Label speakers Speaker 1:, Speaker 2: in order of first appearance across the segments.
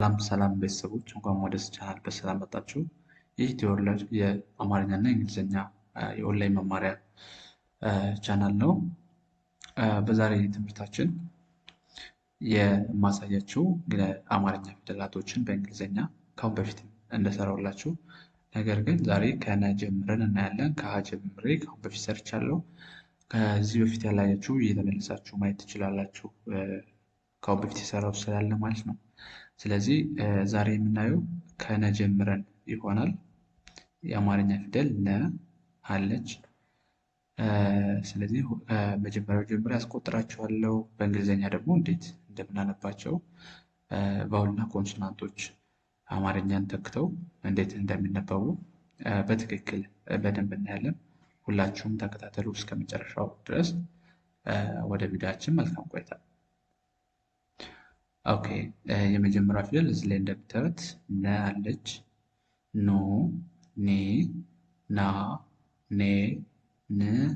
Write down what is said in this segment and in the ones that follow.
Speaker 1: ሰላም ሰላም ቤተሰቦች እንኳን ወደ ቻናል በሰላም መጣችሁ። ይህ የአማርኛ እና የእንግሊዝኛ የኦንላይን መማሪያ ቻናል ነው። በዛሬ ትምህርታችን የማሳያችው አማርኛ ፊደላቶችን በእንግሊዝኛ ካሁን በፊት እንደሰራውላችሁ፣ ነገር ግን ዛሬ ከነ ጀምረን እናያለን። ከሀ ጀምሬ ካሁን በፊት ሰርቻለሁ። ከዚህ በፊት ያላያችሁ እየተመለሳችሁ ማየት ትችላላችሁ፣ ካሁን በፊት የሰራው ስላለ ማለት ነው። ስለዚህ ዛሬ የምናየው ከነ ጀምረን ይሆናል። የአማርኛ ፊደል ነ አለች። ስለዚህ መጀመሪያው ጀምሮ ያስቆጥራችኋለሁ። በእንግሊዝኛ ደግሞ እንዴት እንደምናነባቸው ቫውልና ኮንሶናንቶች አማርኛን ተክተው እንዴት እንደሚነበቡ በትክክል በደንብ እናያለን። ሁላችሁም ተከታተሉ እስከ መጨረሻው ድረስ። ወደ ቪዲዮአችን መልካም ቆይታ ኦኬ የመጀመሪያ ፊደል እዚህ ላይ እንደምታዩት ነ አለች። ኖ፣ ኔ፣ ና፣ ኔ፣ ን፣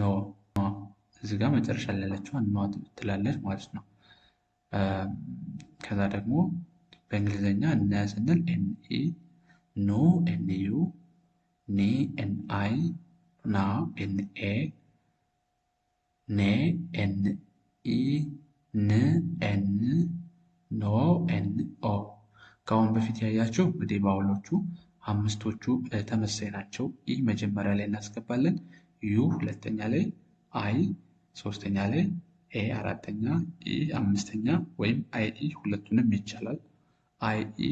Speaker 1: ኖ። እዚህ ጋር መጨረሻ ላይ ያለችዋ ትላለች ማለት ነው። ከዛ ደግሞ በእንግሊዝኛ ነ ስንል ኤንኢ፣ ኖ ኤንዩ፣ ኤን ኤንአይ፣ ና ኤንኤ፣ ኔ ኤንኢ ን ኤን ኖ ኤን ኦ ከአሁን በፊት ያያቸው እንግዲህ ባውሎቹ አምስቶቹ ተመሳይ ናቸው። ኢ መጀመሪያ ላይ እናስገባለን። ዩ ሁለተኛ ላይ፣ አይ ሶስተኛ ላይ፣ ኤ አራተኛ፣ ኢ አምስተኛ ወይም አይ ኢ ሁለቱንም ይቻላል። አይ ኢ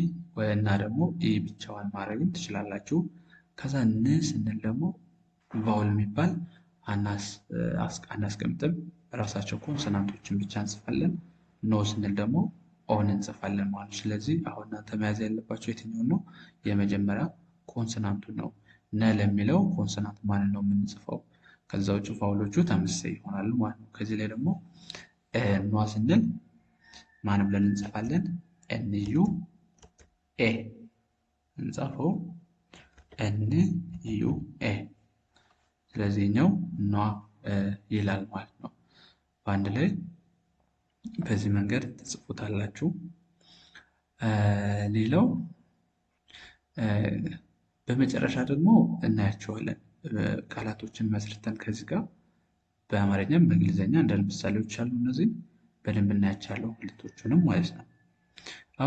Speaker 1: እና ደግሞ ኢ ብቻዋን ማድረግም ትችላላችሁ። ከዛ ን ስንል ደግሞ ቫውል የሚባል አናስቀምጥም። ራሳቸው ኮንሶናንቶችን ብቻ እንጽፋለን። ኖ ስንል ደግሞ ኦን እንጽፋለን ማለት ነው። ስለዚህ አሁን እናንተ መያዝ ያለባቸው የትኛው ነው? የመጀመሪያ ኮንሶናንቱ ነው። ነ ለሚለው ኮንሶናንት ማንን ነው የምንጽፈው? ከዛ ውጭ ፋውሎቹ ተመሳሳይ ይሆናሉ ማለት ነው። ከዚህ ላይ ደግሞ ኗ ስንል ማን ብለን እንጽፋለን? ዩ ኤ እንጻፈው ኤን ዩ ኤ ስለዚህኛው ኗ ይላል ማለት ነው። በአንድ ላይ በዚህ መንገድ ትጽፉታላችሁ። ሌላው በመጨረሻ ደግሞ እናያቸዋለን ቃላቶችን መስርተን ከዚህ ጋር በአማርኛም በእንግሊዝኛ አንዳንድ ምሳሌዎች አሉ። እነዚህ በደንብ እናያቻለሁ ሁለቶቹንም ማለት ነው።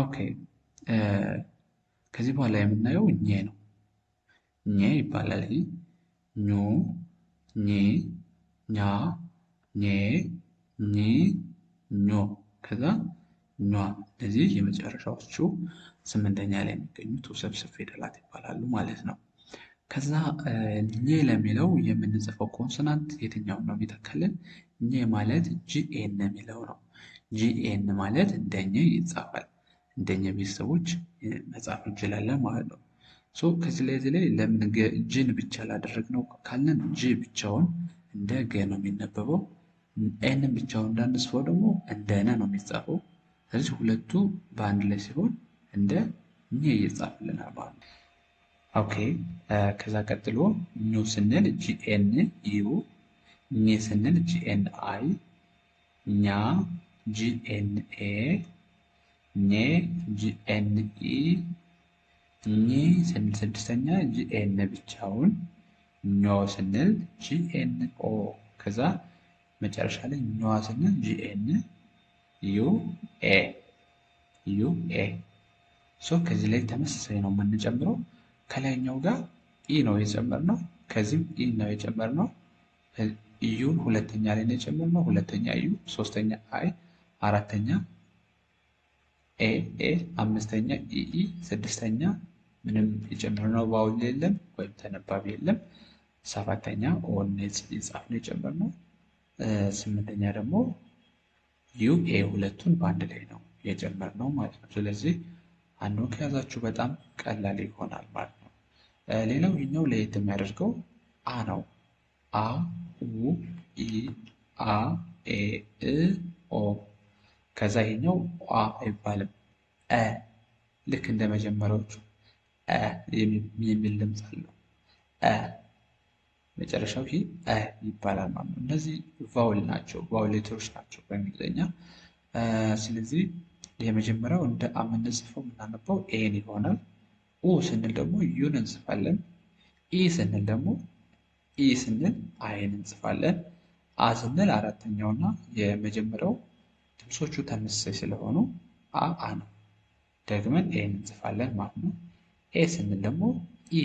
Speaker 1: ኦኬ ከዚህ በኋላ የምናየው እኘ ነው። እኘ ይባላል። ኙ፣ ኚ፣ ኛ፣ ኜ ኒ ኖ ከዛ ኗ እነዚህ የመጨረሻዎቹ ስምንተኛ ላይ የሚገኙት ውስብስብ ፊደላት ይባላሉ ማለት ነው። ከዛ ኘ ለሚለው የምንጽፈው ኮንሶናንት የትኛውን ነው የሚተከልን? ኘ ማለት ጂኤን የሚለው ነው። ጂኤን ማለት እንደኘ ይጻፋል። እንደኘ ቤተሰቦች መጻፍ እንችላለን ማለት ነው። ከዚህ ላይ እዚህ ላይ ለምን ጅን ብቻ ነው ካለን ጂ ብቻውን እንደ ገ ነው የሚነበበው ኤንን ብቻውን እንዳንስፈው ደግሞ እንደ ነ ነው የሚጻፈው። ስለዚህ ሁለቱ በአንድ ላይ ሲሆን እንደ ኘ እየጻፍልናል ማለት ነው። ኦኬ ከዛ ቀጥሎ ኙ ስንል ጂኤን ዩ፣ ኘ ስንል ጂኤን አይ፣ ኛ ጂኤን ኤ፣ ኘ ጂኤን ኢ፣ ኚ ስንል ስድስተኛ ጂኤን ብቻውን፣ ኞ ስንል ጂኤን ኦ ከዛ መጨረሻ ላይ ኖዋ ስንል ጂኤን ዩ ኤ ዩ ኤ ሶ ከዚህ ላይ ተመሳሳይ ነው የምንጨምረው። ከላይኛው ጋር ኢ ነው የጨመርነው፣ ከዚህም ኢ ነው የጨመርነው። ኢዩን ሁለተኛ ላይ ነው የጨመርነው። ሁለተኛ ዩ፣ ሶስተኛ አይ፣ አራተኛ ኤ ኤ፣ አምስተኛ ኢኢ፣ ስድስተኛ ምንም የጨመርነው ባውል የለም ወይም ተነባቢ የለም። ሰባተኛ ኦን ነው የጨመርነው ስምንተኛ ደግሞ ዩ ኤ ሁለቱን በአንድ ላይ ነው የጨመርነው ማለት ነው። ስለዚህ አንዱን ከያዛችሁ በጣም ቀላል ይሆናል ማለት ነው። ሌላው ይህኛው ለየት የሚያደርገው አ ነው። አ ኡ ኢ አ ኤ እ ኦ። ከዛ ይህኛው ቋ አይባልም እ ልክ እንደ መጀመሪያዎቹ እ የሚል ድምፅ አለው እ መጨረሻው ይሄ አ ይባላል ማለት ነው። እነዚህ ቫውል ናቸው፣ ቫውል ሌተሮች ናቸው በእንግሊዝኛ። ስለዚህ የመጀመሪያው እንደ አምንጽፈው የምናነባው ኤን ይሆናል። ኡ ስንል ደግሞ ዩን እንጽፋለን። ኢ ስንል ደግሞ ኢ ስንል አይን እንጽፋለን። አ ስንል አራተኛውና የመጀመሪያው ድምፆቹ ተመሳሳይ ስለሆኑ አ አ ነው። ደግመን ኤን እንጽፋለን ማለት ነው። ኤ ስንል ደግሞ ኢ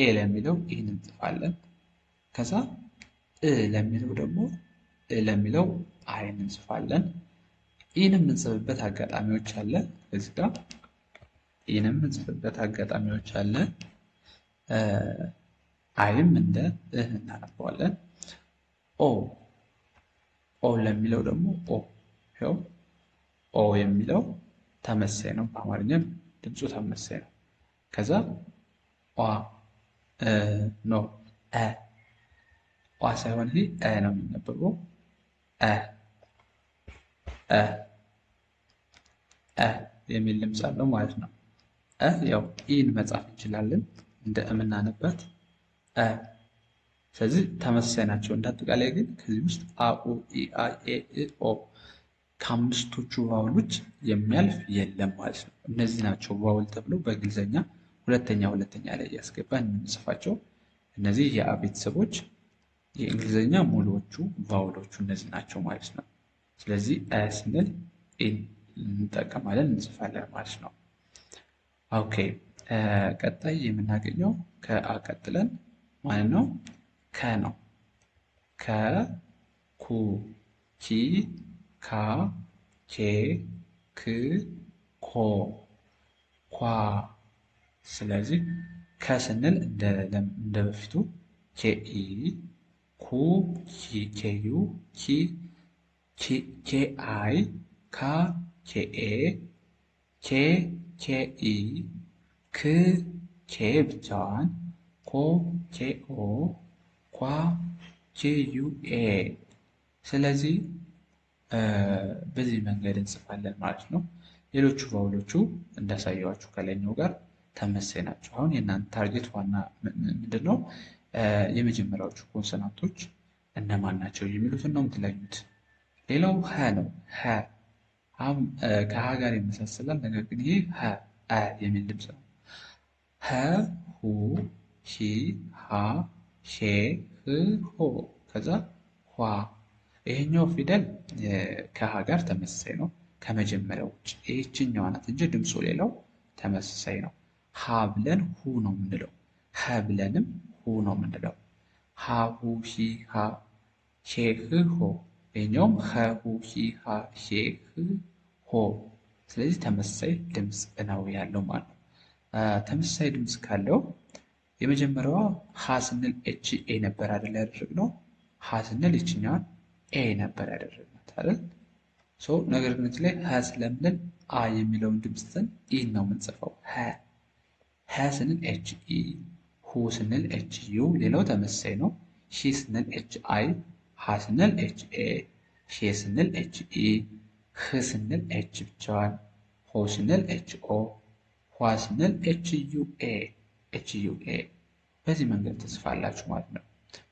Speaker 1: ኤ ለሚለው ኢን እንጽፋለን። ከዛ እ ለሚለው ደግሞ እ ለሚለው አይን እንጽፋለን። ኢንም እንጽፍበት አጋጣሚዎች አለ። እዚህ ጋር ኢንም እንጽፍበት አጋጣሚዎች አለ። አይም እንደ እህ እናነበዋለን። ኦ ኦ ለሚለው ደግሞ ኦ ይኸው ኦ የሚለው ተመሳይ ነው። በአማርኛ ድምፁ ተመሳይ ነው። ከዛ ኦ ኖ እ ዋ ሳይሆን ይሄ ነው የሚነበበው። አ አ አ የሚል ድምፅ አለው ማለት ነው። አ ያው ኢን መጻፍ እንችላለን እንደ እምናነባት አ። ስለዚህ ተመሳሳይ ናቸው። እንዳጠቃላይ ግን ከዚህ ውስጥ አኡ ኦ ከአምስቶቹ ቫውሎች የሚያልፍ የለም ማለት ነው። እነዚህ ናቸው ቫውል ተብሎ በእንግሊዝኛ ሁለተኛ ሁለተኛ ላይ እያስገባን የምንጽፋቸው እነዚህ የአ ቤተሰቦች የእንግሊዝኛ ሙሉዎቹ ቫውሎቹ እነዚህ ናቸው ማለት ነው። ስለዚህ አ ስንል ኤን እንጠቀማለን እንጽፋለን ማለት ነው። ኦኬ ቀጣይ የምናገኘው ከአ ቀጥለን ማለት ነው ከ ነው። ከ ኩ ኪ ካ ኬ ክ ኮ ኳ። ስለዚህ ከስንል እንደ በፊቱ ኬኢ ኩ ኬዩ አይ ካ ኤ፣ ኬ ኢ፣ ክ ኬ ብቻዋን ኮ ኦ ኳ ዩ ኤ ስለዚህ በዚህ መንገድ እንጽፋለን ማለት ነው። ሌሎቹ ባውሎቹ እንዳሳየዋችሁ ከላይኛው ጋር ተመሳሳይ ናቸው። አሁን የእናንተ ታርጌት ዋና ምንድን ነው? የመጀመሪያዎቹ ኮንሶናንቶች እነማን ናቸው የሚሉትን ነው የምትለዩት። ሌላው ሀ ነው። ሀ ከሀ ጋር የመሳሰላል፣ ነገር ግን ይህ ሀ አ የሚል ድምፅ ነው። ሀ ሁ ሂ ሃ ሄ ህ ሆ ከዛ ኋ። ይሄኛው ፊደል ከሀ ጋር ተመሳሳይ ነው ከመጀመሪያ ውጭ ይህችኛዋ ናት እንጂ ድምፁ ሌላው ተመሳሳይ ነው። ሀ ብለን ሁ ነው የምንለው። ሀ ብለንም ሁ ነው የምንለው። ሃሁ ሂ ሃ ሼ ህ ሆ። ይሄኛውም ሁ ሂ ሃ ሼ ሆ። ስለዚህ ተመሳሳይ ድምፅ ነው ያለው ማለት ነው። ተመሳሳይ ድምፅ ካለው የመጀመሪያዋ ሀ ስንል ኤች ኤ ነበር አይደል ያደረግነው። ሀ ስንል ይችኛዋን ኤ ነበር ያደረግናት አይደል። ነገር ግን ላይ ሀ ስለምንል አ የሚለውን ድምፅትን ኢ ነው የምንጽፈው። ሀ ሀ ስንል ኤች ኢ ሁ ስንል ኤች ዩ፣ ሌላው ተመሳይ ነው። ሺ ስንል ኤች አይ፣ ሀ ስንል ኤች ኤ፣ ሄ ስንል ኤች ኢ፣ ህ ስንል ኤች ብቻዋን፣ ሆ ስንል ኤች ኦ፣ ኋ ስንል ኤች ዩ ኤ፣ ኤች ዩ ኤ። በዚህ መንገድ ተጽፋላችሁ ማለት ነው።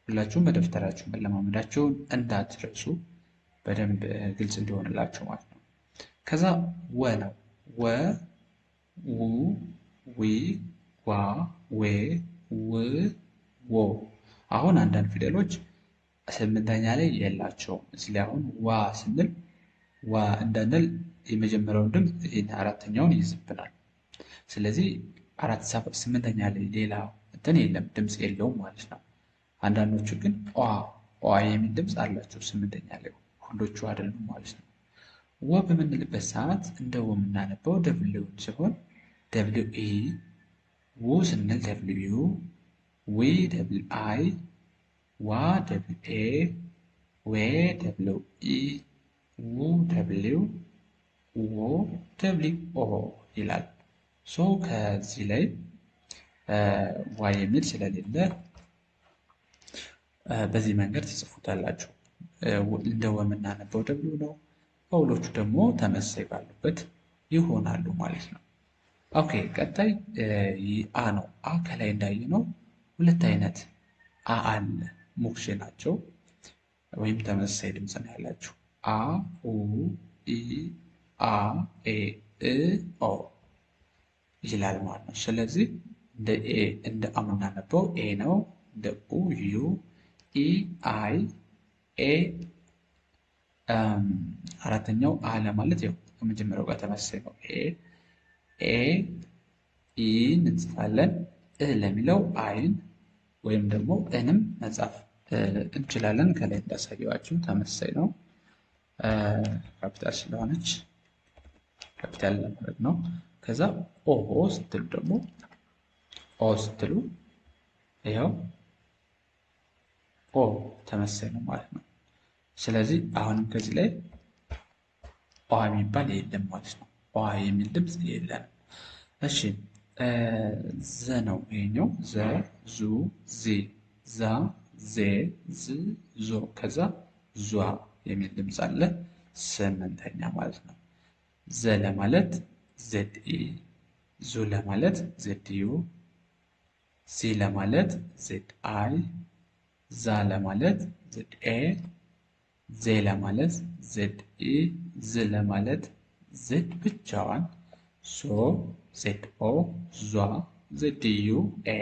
Speaker 1: ሁላችሁም በደብተራችሁ መለማመዳችሁን እንዳትረሱ በደንብ ግልጽ እንዲሆንላችሁ ማለት ነው። ከዛ ወ ነው። ወ ው ዊ ዋ ዌ ው ዎ አሁን አንዳንድ ፊደሎች ስምንተኛ ላይ የላቸውም። ስለዚህ አሁን ዋ ስንል ዋ እንዳንል የመጀመሪያውን ድምፅ ይህን አራተኛውን ይይዝብናል። ስለዚህ አራት ስምንተኛ ላይ ሌላ እንትን የለም ድምፅ የለውም ማለት ነው። አንዳንዶቹ ግን ዋ የሚል ድምፅ አላቸው ስምንተኛ ላይ ሁሎቹ አይደሉም ማለት ነው። ወ በምንልበት ሰዓት እንደ ወ የምናነበው ደብሊው ሲሆን ደብሊው ኢ ው ስንል ደብልዩ ዊ ደብል አይ ዋ ደብል ኤ ዌ ደብልው ኢ ው ደብልው ዎ ደብሊው ኦ ይላል። ሶ ከዚህ ላይ ዋይ የሚል ስለሌለ በዚህ መንገድ ትጽፉታላችሁ። እንደ ወምናነበው ደብሉ ነው። ፓውሎቹ ደግሞ ተመሳይ ባሉበት ይሆናሉ ማለት ነው። ኦኬ ቀጣይ አ ነው። አ ከላይ እንዳየ ነው። ሁለት አይነት አ አለ ናቸው ወይም ተመሳሳይ ድምፅ ነው ያላቸው አ ኡ ኢ አ ኤ እ ኦ ይላል ማለት ነው። ስለዚህ እንደ ኤ እንደ አ የምናነበው ኤ ነው። እንደ ኡ ዩ ኢ አይ ኤ አራተኛው አ ለማለት ያው ከመጀመሪያው ጋር ተመሳሳይ ነው ኤ ኤ ኢ እንጽፋለን። እ ለሚለው አይን ወይም ደግሞ እንም መጻፍ እንችላለን። ከላይ እንዳሳየዋችሁ ተመሳሳይ ነው። ካፒታል ስለሆነች ካፒታል ለማድረግ ነው። ከዛ ኦሆ ስትሉ ደግሞ ኦ ስትሉ ይኸው ኦ ተመሳሳይ ነው ማለት ነው። ስለዚህ አሁንም ከዚህ ላይ ኦ የሚባል የለም ማለት ነው። ዋ የሚል ድምፅ የለም። እሺ ዘ ነው ይሄኛው። ዘ ዙ ዚ ዛ ዜ ዝ ዞ ከዛ ዟ የሚል ድምፅ አለ። ስምንተኛ ማለት ነው። ዘ ለማለት ዜድ ኢ፣ ዙ ለማለት ዜድ ዩ፣ ዚ ለማለት ዜድ አይ፣ ዛ ለማለት ዜድ ኤ፣ ዜ ለማለት ዜድ ኢ፣ ዝ ለማለት ዜድ ብቻዋን ሶ ዜድ ኦ ዟ ዜድ ዩ ኤ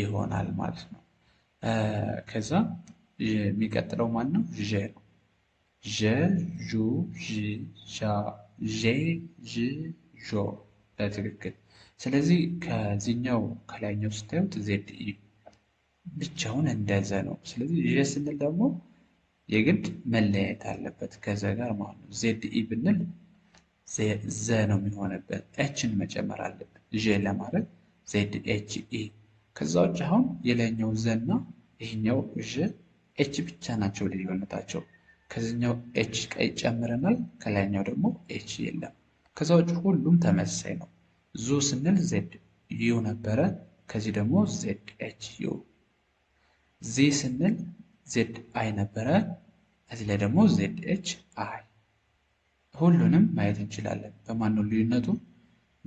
Speaker 1: ይሆናል ማለት ነው። ከዛ የሚቀጥለው ማን ነው? ዤ ነው። ዤ ዡ ዢ ዣ ዤ ዥ ዦ በትክክል። ስለዚህ ከዚህኛው ከላይኛው ስታዩት ዜድ ብቻውን እንደዘ ነው። ስለዚህ ዤ ስንል ደግሞ የግድ መለያየት አለበት ከዘ ጋር ማለት ነው። ዜድ ኢ ብንል ዘ ነው የሚሆንበት። ኤችን መጨመር አለብን ዤ ለማድረግ ዜድ ኤች ኢ። ከዛ ውጭ አሁን የላይኛው ዘ እና ይህኛው ዥ ኤች ብቻ ናቸው ልዩነታቸው። ከዚኛው ኤች ቀይ ጨምረናል፣ ከላይኛው ደግሞ ኤች የለም። ከዛ ውጭ ሁሉም ተመሳሳይ ነው። ዙ ስንል ዜድ ዩ ነበረ፣ ከዚህ ደግሞ ዜድ ኤች ዩ። ዚ ስንል ዜድ አይ ነበረ፣ እዚህ ላይ ደግሞ ዜድ ኤች አይ ሁሉንም ማየት እንችላለን። በማነው ልዩነቱ?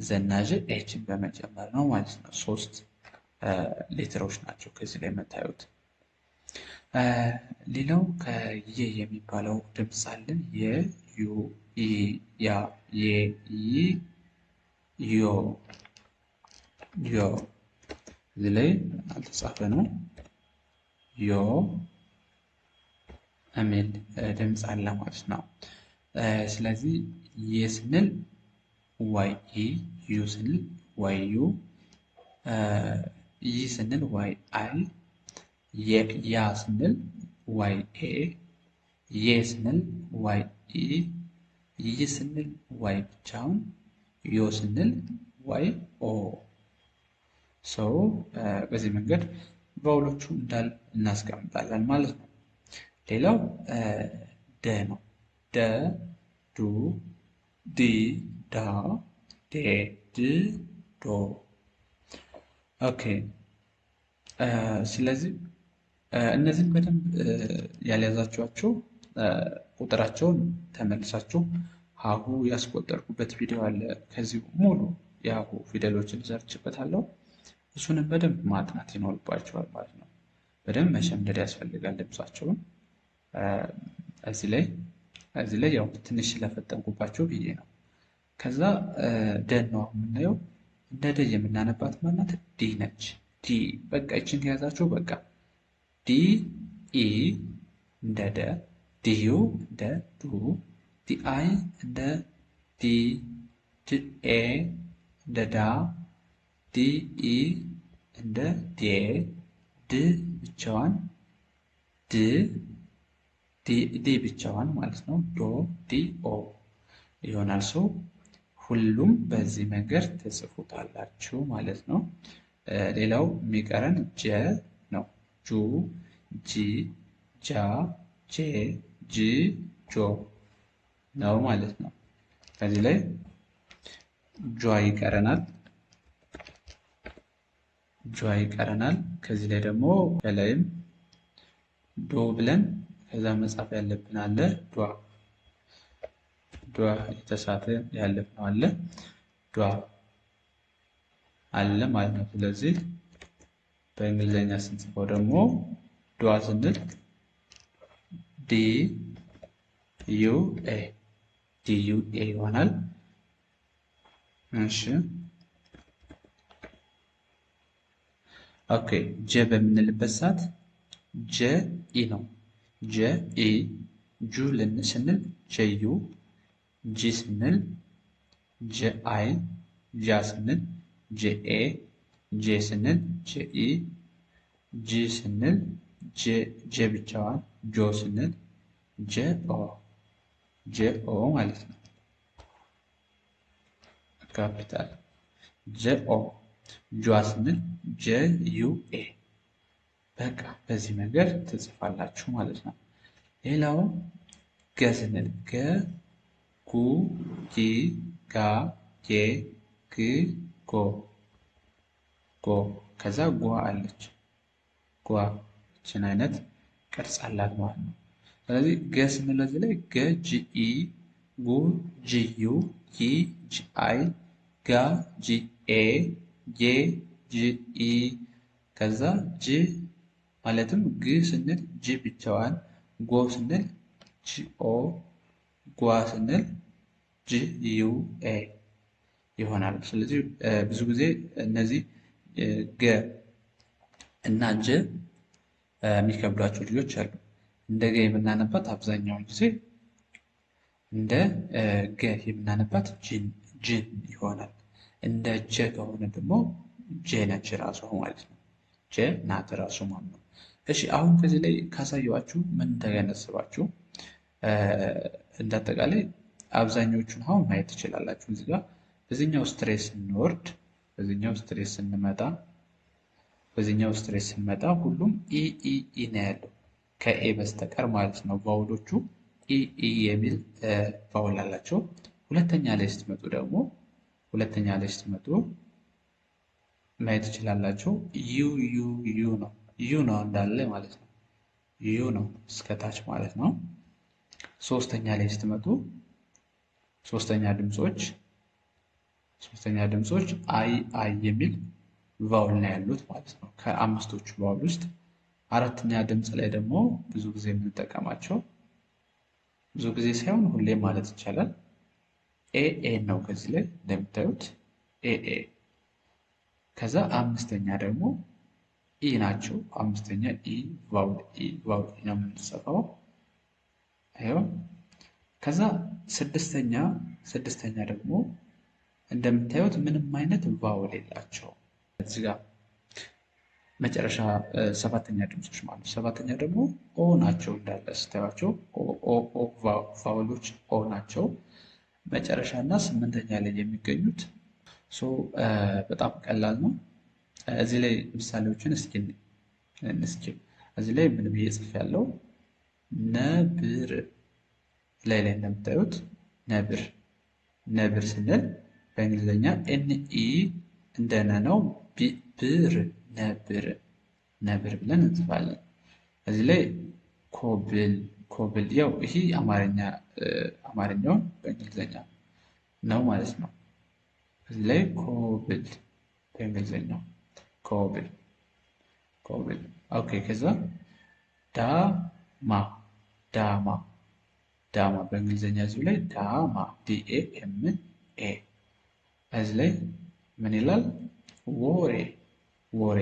Speaker 1: ዘናዥ ኤችን በመጨመር ነው ማለት ነው። ሶስት ሌተሮች ናቸው ከዚህ ላይ የምታዩት። ሌላው ከየ የሚባለው ድምፅ አለ። ኢ ያ የይ ዮ ዮ እዚህ ላይ አልተጻፈ ነው ዮ የሚል ድምፅ አለ ማለት ነው። ስለዚህ ይ ስንል ዋይ ኢ፣ ዩ ስንል ዋይ ዩ፣ ይ ስንል ዋይ አይ፣ ያ ስንል ዋይ ኤ፣ የ ስንል ዋይ ኢ፣ ይ ስንል ዋይ ብቻውን፣ ዮ ስንል ዋይ ኦ። ሶ በዚህ መንገድ ቫውሎቹ እንዳል እናስቀምጣለን ማለት ነው። ሌላው ደ ነው። ደ ዱ ዲ ዳ ዴ ድ ዶ። ኦኬ ስለዚህ እነዚህን በደንብ ያልያዛችኋቸው ቁጥራቸውን ተመልሳችሁ ሀሁ ያስቆጠርኩበት ቪዲዮ አለ። ከዚህ ሙሉ የሀሁ ፊደሎችን ሰርችበታለሁ። እሱንም በደንብ ማጥናት ይኖርባቸዋል ማለት ነው። በደንብ መሸምደድ ያስፈልጋል ድምፃቸውን እዚህ ላይ እዚህ ላይ ያው ትንሽ ስለፈጠንኩባቸው ብዬ ነው። ከዛ ደን ነው የምናየው። እንደ ደ የምናነባት ማናት? ዲ ነች። ዲ በቃ ይችን ከያዛችሁ በቃ ዲ ኢ እንደ ደ፣ ዲዩ እንደ ዱ፣ ዲ አይ እንደ ዲ፣ ዲ ኤ እንደ ዳ፣ ዲ ኢ እንደ ዴ፣ ድ ብቻዋን ድ ዲ ብቻዋን ማለት ነው። ዶ ዲ ኦ ይሆናል። ሰው ሁሉም በዚህ መንገድ ትጽፉታላችሁ ማለት ነው። ሌላው የሚቀረን ጀ ነው። ጁ፣ ጂ፣ ጃ፣ ጄ፣ ጂ፣ ጆ ነው ማለት ነው። ከዚህ ላይ ጇ ይቀረናል። ጇ ይቀረናል። ከዚህ ላይ ደግሞ በላይም ዶ ብለን ከዛ መጻፍ ያለብን አለ ዷ ዷ የተሳተ ያለብን አለ ዷ አለ ማለት ነው። ስለዚህ በእንግሊዝኛ ስንጽፈው ደግሞ ዷ ስንል ዲ ዩ ኤ ዲ ዩ ኤ ይሆናል። እሺ ኦኬ ጀ በምንልበት ሰዓት ጀ ኢ ነው። ጀ ኤ ጁ ስንል ጄዩ ጂ ስንል ጀ አይ ጃ ስንል ጀ ኤ ጄ ስንል ጄ ኢ ጂ ስንል ጄ ብቻዋን ጆ ስንል ጄ ኦ ማለት ነው። ካፒታል ጄ ጇ ስንል ጄ ኤ በቃ በዚህ መንገድ ትጽፋላችሁ ማለት ነው። ሌላው ገ ስንል ገ፣ ጉ፣ ጊ፣ ጋ፣ ጌ፣ ግ፣ ጎ ጎ ከዛ ጓ አለች ጓ ችን አይነት ቅርጽ አላት ማለት ነው። ስለዚህ ገ ስንል እዚህ ላይ ገ ጂ ኢ፣ ጉ ጂዩ ጊ ጂ አይ፣ ጋ ጂ ኤ፣ ጌ ጂ ኢ ከዛ ጂ ማለትም ግ ስንል ጂ ብቻዋን፣ ጎ ስንል ጂኦ፣ ጓ ስንል ጂዩኤ ይሆናል። ስለዚህ ብዙ ጊዜ እነዚህ ገ እና ጀ የሚከብዷቸው ልጆች አሉ። እንደ ገ የምናነባት አብዛኛውን ጊዜ እንደ ገ የምናነባት ጅን ይሆናል። እንደ ጀ ከሆነ ደግሞ ጄ ነች ራሱ ማለት ነው። ጄ ናት ራሱ ማለት ነው። እሺ አሁን ከዚህ ላይ ካሳየኋችሁ ምን ተገነዘባችሁ? እንደ አጠቃላይ አብዛኞቹን አሁን ማየት ትችላላችሁ። እዚህ ጋር በዚህኛው ስትሬስ ስንወርድ፣ በዚህኛው ስትሬስ ስንመጣ፣ በዚህኛው ስትሬስ ስንመጣ ሁሉም ኢኢኢ ነው ያለው ከኤ በስተቀር ማለት ነው። ቫውሎቹ ኢኢ የሚል ቫውል አላቸው። ሁለተኛ ላይ ስትመጡ ደግሞ ሁለተኛ ላይ ስትመጡ ማየት ትችላላችሁ። ዩ ዩ ዩ ነው ዩ ነው እንዳለ ማለት ነው። ዩ ነው እስከታች ማለት ነው። ሶስተኛ ላይ ስትመጡ ሶስተኛ ድምጾች ሶስተኛ ድምጾች አይ አይ የሚል ቫውል ነው ያሉት ማለት ነው። ከአምስቶቹ ቫውል ውስጥ አራተኛ ድምፅ ላይ ደግሞ ብዙ ጊዜ የምንጠቀማቸው ብዙ ጊዜ ሳይሆን ሁሌ ማለት ይቻላል ኤ ኤ ነው። ከዚህ ላይ እንደምታዩት ኤ ከዛ አምስተኛ ደግሞ ኢ ናቸው። አምስተኛ ኢ ቫውል ኢ ቫውል ኢ ነው የምንጽፈው። ከዛ ስድስተኛ ስድስተኛ ደግሞ እንደምታዩት ምንም አይነት ቫውል የላቸውም እዚህ ጋር መጨረሻ ሰባተኛ ድምፆች ማለት ነው። ሰባተኛ ደግሞ ኦ ናቸው እንዳለ ስታዩቸው ቫውሎች ኦ ናቸው። መጨረሻ እና ስምንተኛ ላይ የሚገኙት በጣም ቀላል ነው። እዚህ ላይ ምሳሌዎችን እስኪ እንስኪ እዚህ ላይ ምን ብዬ ጽፍ ያለው ነብር ላይ ላይ እንደምታዩት ነብር ነብር ስንል በእንግሊዝኛ ኤንኢ እንደነ ነው። ብር ነብር ነብር ብለን እንጽፋለን። እዚህ ላይ ኮብል ኮብል ያው ይሄ አማርኛ አማርኛውን በእንግሊዝኛ ነው ማለት ነው። እዚህ ላይ ኮብል በእንግሊዝኛው ኮብል ኮብል ኦኬ። ከዛ ዳማ ዳማ ዳማ በእንግሊዝኛ እዚሁ ላይ ዳማ ዲኤ ኤም ኤ እዚህ ላይ ምን ይላል? ወሬ ወሬ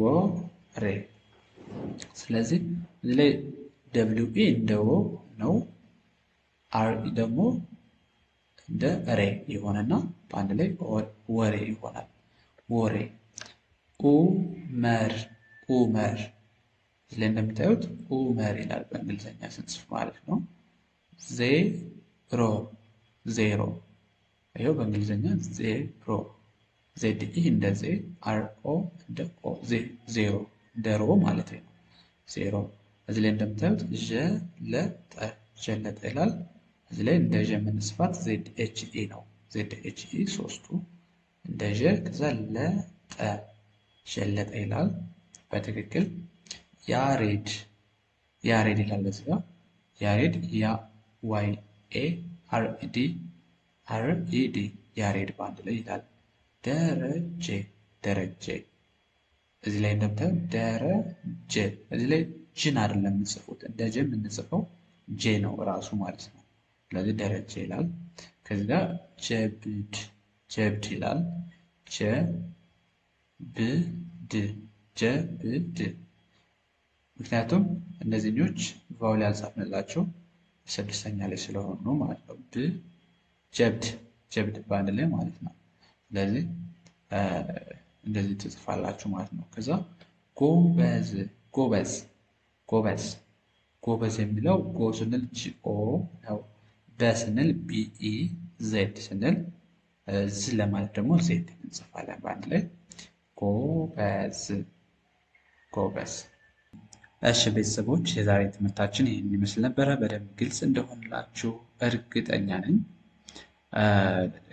Speaker 1: ወሬ። ስለዚህ እዚህ ላይ ደብሊው ኢ እንደ ወ ነው። አር ደግሞ እንደ ሬ የሆነና በአንድ ላይ ወሬ ይሆናል። ወሬ ኡመር ኡመር እዚህ ላይ እንደምታዩት ኡመር ይላል በእንግሊዝኛ ስንጽፍ ማለት ነው። ዜሮ ዜሮ ይኸው በእንግሊዝኛ ዜሮ ዜድ ኢ እንደ ዜ አርኦ እንደ ኦ ዜሮ እንደ ሮ ማለት ነው። ዜሮ እዚህ ላይ እንደምታዩት ዠለጠ ዠለጠ ይላል። እዚህ ላይ እንደ ዠ ምንስፋት ዜድ ኤች ኢ ነው። ዜድ ኤች ኢ ሶስቱ እንደ ዠ ከዛ ለጠ ሸለጠ ይላል። በትክክል ያሬድ ያሬድ ይላል። በዚህ ጋር ያሬድ ያ ዋይ ኤ አር ዲ አር ኢ ዲ ያሬድ በአንድ ላይ ይላል። ደረጀ ደረጀ እዚህ ላይ እንደምታዩ ደረጀ እዚህ ላይ ጅን አይደለም የምንጽፉት፣ እንደ ጀ የምንጽፈው ጄ ነው ራሱ ማለት ነው። ስለዚህ ደረጀ ይላል። ከዚህ ጋር ጀብድ ጀብድ ይላል። ብድ ጀብድ። ምክንያቱም እነዚህ ልጆች ቫውል ያልጻፍንላቸው ስድስተኛ ላይ ስለሆኑ ማለት ነው። ብ ጀብድ ጀብድ በአንድ ላይ ማለት ነው። ስለዚህ እንደዚህ ትጽፋላችሁ ማለት ነው። ከዛ ጎበዝ ጎበዝ ጎበዝ ጎበዝ የሚለው ጎ ስንል ጂኦ ነው። በስንል ቢኢ ዜድ ስንል ዝ ለማለት ደግሞ ዜድ እንጽፋለን በአንድ ላይ ጎበዝ ጎበዝ። እሺ ቤተሰቦች የዛሬ ትምህርታችን ይህን ይመስል ነበረ። በደንብ ግልጽ እንደሆንላችሁ እርግጠኛ ነኝ።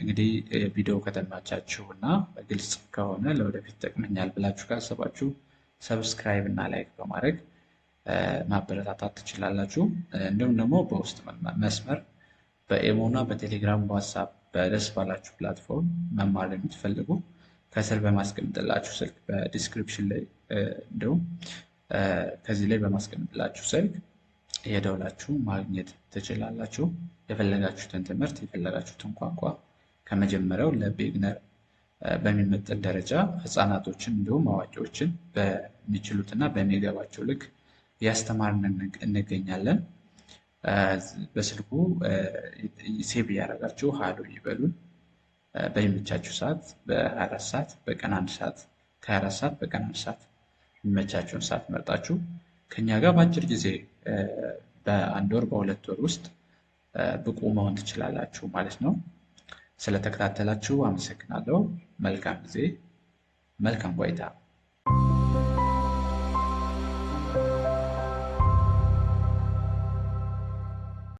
Speaker 1: እንግዲህ ቪዲዮ ከተማቻችሁ እና ግልጽ ከሆነ ለወደፊት ጠቅመኛል ብላችሁ ካሰባችሁ ሰብስክራይብ እና ላይክ በማድረግ ማበረታታት ትችላላችሁ። እንዲሁም ደግሞ በውስጥ መስመር በኤሞና በቴሌግራም በዋትሳፕ በደስ ባላችሁ ፕላትፎርም መማር የምትፈልጉ ከስር በማስቀምጥላችሁ ስልክ በዲስክሪፕሽን ላይ እንዲሁም ከዚህ ላይ በማስቀምጥላችሁ ስልክ የደውላችሁ ማግኘት ትችላላችሁ። የፈለጋችሁትን ትምህርት የፈለጋችሁትን ቋንቋ ከመጀመሪያው ለቤግነር በሚመጥን ደረጃ ህፃናቶችን እንዲሁም አዋቂዎችን በሚችሉትና በሚገባቸው ልክ እያስተማርን እንገኛለን። በስልኩ ሴብ እያደረጋችሁ ሀሎ ይበሉን። በሚመቻችሁ ሰዓት በ ሰዓት በቀን አንድ ሰዓት ከ ሰዓት በቀን አንድ ሰዓት የሚመቻችሁን ሰዓት መርጣችሁ ከኛ ጋር በአጭር ጊዜ በአንድ ወር በሁለት ወር ውስጥ ብቁ መሆን ትችላላችሁ ማለት ነው። ስለተከታተላችሁ አመሰግናለሁ። መልካም ጊዜ፣ መልካም ቆይታ